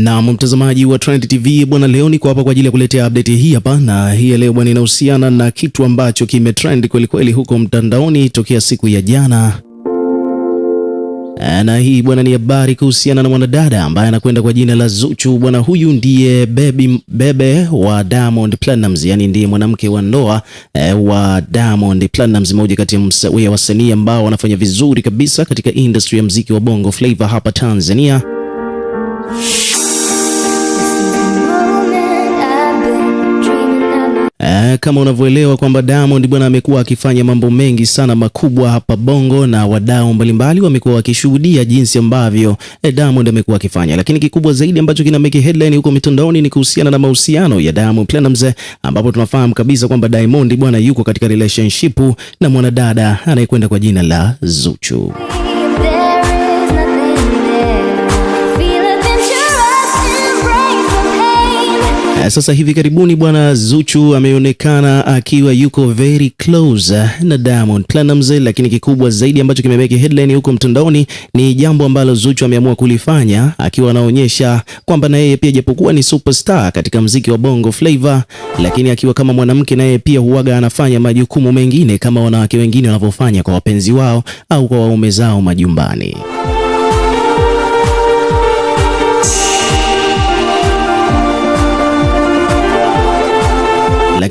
Na mtazamaji wa Trend TV bwana, leo niko hapa kwa ajili ya kuletea update hii hapa, na hii leo bwana inahusiana na kitu ambacho kimetrend kweli kweli huko mtandaoni tokea siku ya jana eh, na hii bwana ni habari kuhusiana na mwanadada ambaye anakwenda kwa jina la Zuchu. Bwana huyu ndiye baby, bebe wa Diamond Platinumz, yani ndiye mwanamke wa ndoa e, wa Diamond Platinumz, mmoja kati ya wasanii ambao wanafanya vizuri kabisa katika industry ya mziki wa Bongo Flava hapa Tanzania E, kama unavyoelewa kwamba Diamond bwana amekuwa akifanya mambo mengi sana makubwa hapa Bongo na wadau mbalimbali wamekuwa wakishuhudia jinsi ambavyo eh, Diamond amekuwa akifanya, lakini kikubwa zaidi ambacho kina make headline huko mitandaoni ni kuhusiana na mahusiano ya Diamond Platnumz, eh, ambapo tunafahamu kabisa kwamba Diamond bwana yuko katika relationship na mwanadada anayekwenda kwa jina la Zuchu. sasa hivi karibuni bwana Zuchu ameonekana akiwa yuko very close eh, na Diamond Platinumz, lakini kikubwa zaidi ambacho kimemeke headline huko mtandaoni ni jambo ambalo Zuchu ameamua kulifanya akiwa anaonyesha kwamba na yeye pia japokuwa ni superstar katika mziki wa Bongo Flava, lakini akiwa kama mwanamke na yeye pia huwaga anafanya majukumu mengine kama wanawake wengine wanavyofanya kwa wapenzi wao au kwa waume zao majumbani.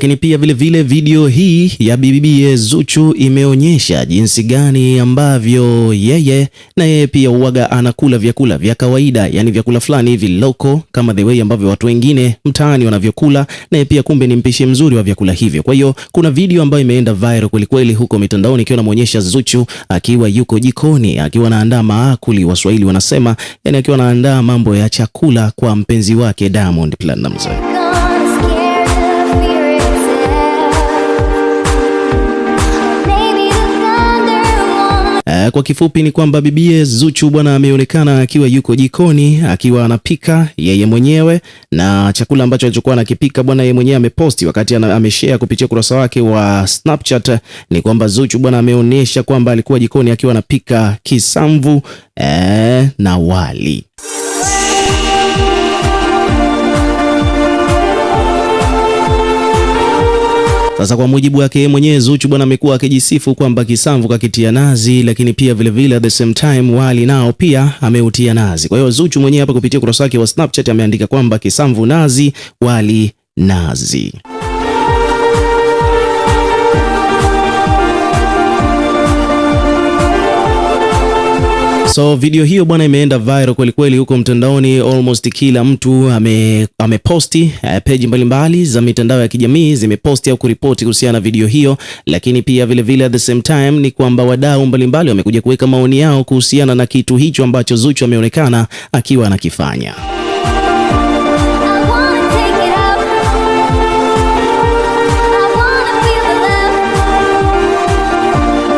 Lakini pia vilevile vile video hii ya bibiye Zuchu imeonyesha jinsi gani ambavyo yeye na yeye pia uwaga anakula vyakula vya kawaida, yani vyakula fulani hivi loko, kama the way ambavyo watu wengine mtaani wanavyokula, yeye pia kumbe ni mpishi mzuri wa vyakula hivyo. Kwa hiyo kuna video ambayo imeenda viral kweli kweli huko mitandaoni ikiwa inamuonyesha Zuchu akiwa yuko jikoni akiwa anaandaa maakuli, Waswahili wanasema, yani akiwa anaandaa mambo ya chakula kwa mpenzi wake Diamond Platinumz. Eh, kwa kifupi ni kwamba bibie Zuchu bwana ameonekana akiwa yuko jikoni akiwa anapika yeye mwenyewe, na chakula ambacho alichokuwa anakipika bwana yeye mwenyewe ameposti wakati ameshare kupitia ukurasa wake wa Snapchat. Ni kwamba Zuchu bwana ameonyesha kwamba alikuwa jikoni akiwa anapika kisamvu e, na wali. Sasa kwa mujibu wake mwenyewe Zuchu bwana amekuwa akijisifu kwamba kisamvu kakitia nazi, lakini pia vilevile vile, at the same time wali nao pia ameutia nazi. Kwa hiyo Zuchu mwenyewe hapa kupitia ukurasa wake wa Snapchat ameandika kwamba kisamvu nazi, wali nazi. So video hiyo bwana imeenda viral kweli kweli huko mtandaoni, almost kila mtu ame ameposti. Eh, page mbalimbali za mitandao ya kijamii zimeposti au kuripoti kuhusiana na video hiyo, lakini pia vile vile at the same time ni kwamba wadau mbalimbali wamekuja kuweka maoni yao kuhusiana na kitu hicho ambacho Zuchu ameonekana akiwa anakifanya.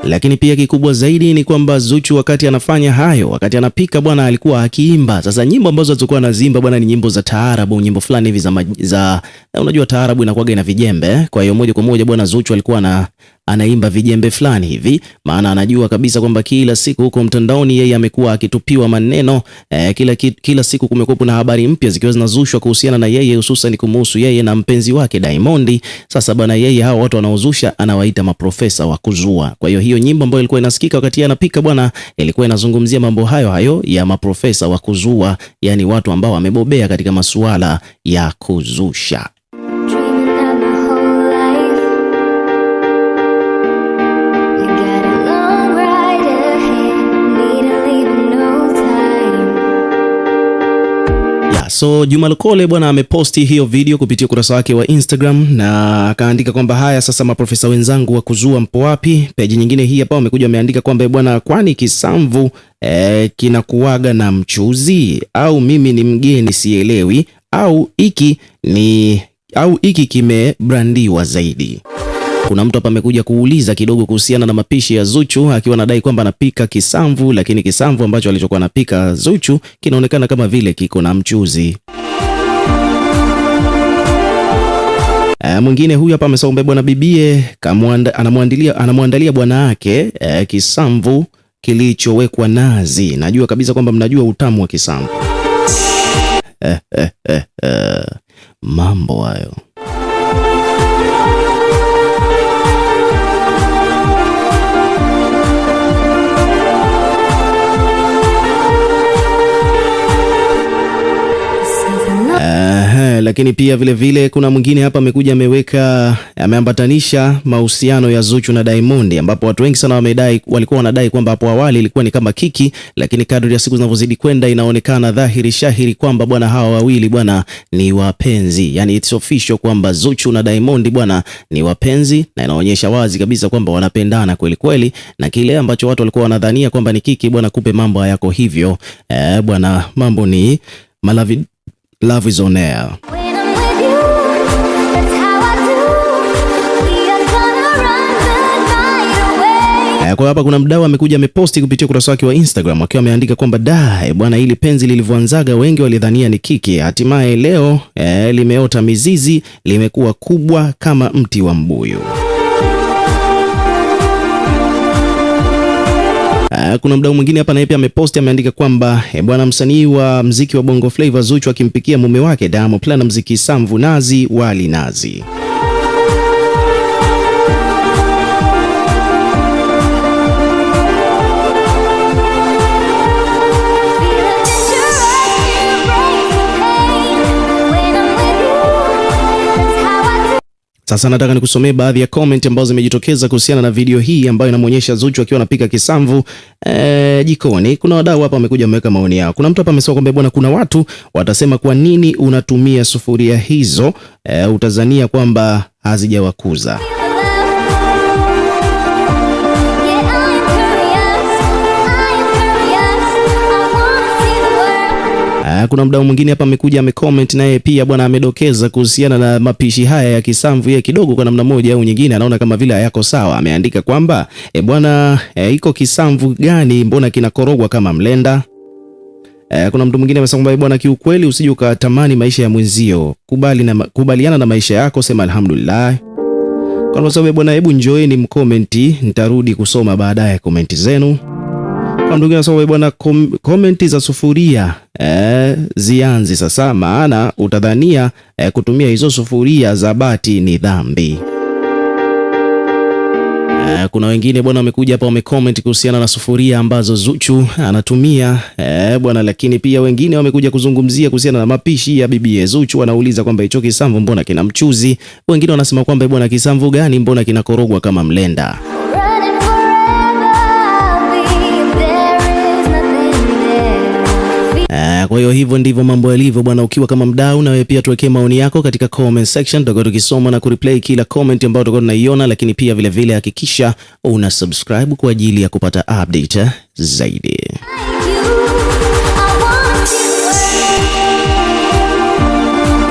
Lakini pia kikubwa zaidi ni kwamba Zuchu wakati anafanya hayo, wakati anapika bwana, alikuwa akiimba. Sasa nyimbo ambazo alizokuwa anaziimba bwana ni nyimbo za taarabu, nyimbo fulani hivi za, za unajua taarabu inakuwaga ina vijembe. Kwa hiyo moja kwa moja bwana Zuchu alikuwa na anaimba vijembe fulani hivi, maana anajua kabisa kwamba kila siku huko mtandaoni yeye amekuwa akitupiwa maneno eh, kila, kila siku kumekuwa kuna habari mpya zikiwa zinazushwa kuhusiana na yeye, hususan kumhusu yeye na mpenzi wake Diamond. Sasa bana, yeye hao watu wanaozusha anawaita maprofesa wa kuzua. Kwa hiyo hiyo nyimbo ambayo ilikuwa inasikika wakati anapika bwana, ilikuwa inazungumzia mambo hayo hayo ya maprofesa wa kuzua, yani watu ambao wamebobea katika masuala ya kuzusha. So Juma Lokole bwana ameposti hiyo video kupitia ukurasa wake wa Instagram na akaandika kwamba haya sasa, maprofesa wenzangu wa kuzua mpo wapi? Peji nyingine hii hapa wamekuja wameandika kwamba bwana, kwani kisamvu eh, kinakuwaga na mchuzi au mimi ni mgeni sielewi, au iki ni au hiki kimebrandiwa zaidi kuna mtu hapa amekuja kuuliza kidogo kuhusiana na mapishi ya Zuchu akiwa anadai kwamba anapika kisamvu, lakini kisamvu ambacho alichokuwa anapika Zuchu kinaonekana kama vile kiko na mchuzi. Uh, mwingine huyu hapa amesema umbe bwana bibie anamwandalia anamwandalia bwana yake uh, kisamvu kilichowekwa nazi. Najua kabisa kwamba mnajua utamu wa kisamvu. E, e, e, e. Mambo hayo. Lakini pia vile vile, kuna mwingine hapa amekuja ameweka ameambatanisha mahusiano ya Zuchu na Diamond, ambapo watu wengi sana wamedai, walikuwa wanadai kwamba hapo awali ilikuwa ni kama kiki, lakini kadri ya siku zinavyozidi kwenda inaonekana dhahiri shahiri kwamba bwana hawa wawili bwana ni wapenzi, yani it's official kwamba Zuchu na Diamond bwana ni wapenzi, na inaonyesha wazi kabisa kwamba wanapendana kweli kweli, na kile ambacho watu walikuwa wanadhania kwamba ni kiki bwana, kumbe mambo hayako hivyo. Eh, bwana mambo ni malavi, love is on air. Kwa hapa kuna mdau amekuja ameposti kupitia ukurasa wake wa Instagram akiwa ameandika kwamba da bwana, hili penzi lilivyoanzaga wengi walidhania ni kike, hatimaye leo eh, limeota mizizi, limekuwa kubwa kama mti wa mbuyu. Eh, kuna mdau mwingine hapa naye pia ameposti ameandika kwamba eh, bwana, msanii wa mziki wa Bongo Flava Zuchu akimpikia wa mume wake Diamond Platnumz mziki samvu nazi wali nazi Sasa nataka nikusomee baadhi ya comment ambazo zimejitokeza kuhusiana na video hii ambayo inamwonyesha Zuchu akiwa anapika kisamvu e, jikoni. Kuna wadau hapa wamekuja wameweka maoni yao. Kuna mtu hapa amesema kwamba bwana, kuna watu watasema kwa nini unatumia sufuria hizo e, utazania kwamba hazijawakuza Kuna mdau mwingine hapa amekuja amecomment naye pia bwana, amedokeza kuhusiana na mapishi haya ya kisamvu, ya kidogo kwa namna moja au nyingine anaona kama vile hayako sawa. Ameandika kwamba e, bwana e, iko kisamvu gani, mbona kinakorogwa kama mlenda? e, Kuna mtu mwingine amesema kwamba e bwana, kiukweli usije ukatamani maisha ya mwenzio, kubali na, kubaliana na maisha yako, sema alhamdulillah. Kwa sababu e bwana, hebu njoeni mkomenti, nitarudi kusoma baadaye komenti zenu. Hapa ndugu nasoma bwana, komenti za sufuria e, eh, zianzi sasa, maana utadhania e, kutumia hizo sufuria za bati ni dhambi. Eh, kuna wengine bwana wamekuja hapa wamecomment kuhusiana na sufuria ambazo Zuchu anatumia eh, bwana, lakini pia wengine wamekuja kuzungumzia kuhusiana na mapishi ya bibi Zuchu. Wanauliza kwamba hicho kisamvu mbona kina mchuzi, wengine wanasema kwamba bwana, kisamvu gani, mbona kinakorogwa kama mlenda. kwa hiyo hivyo ndivyo mambo yalivyo bwana. Ukiwa kama mdau, na wewe pia tuwekee maoni yako katika comment section, tutakuwa tukisoma na kureplay kila comment ambayo tutakuwa tunaiona, lakini pia vile vile hakikisha una subscribe kwa ajili ya kupata update zaidi.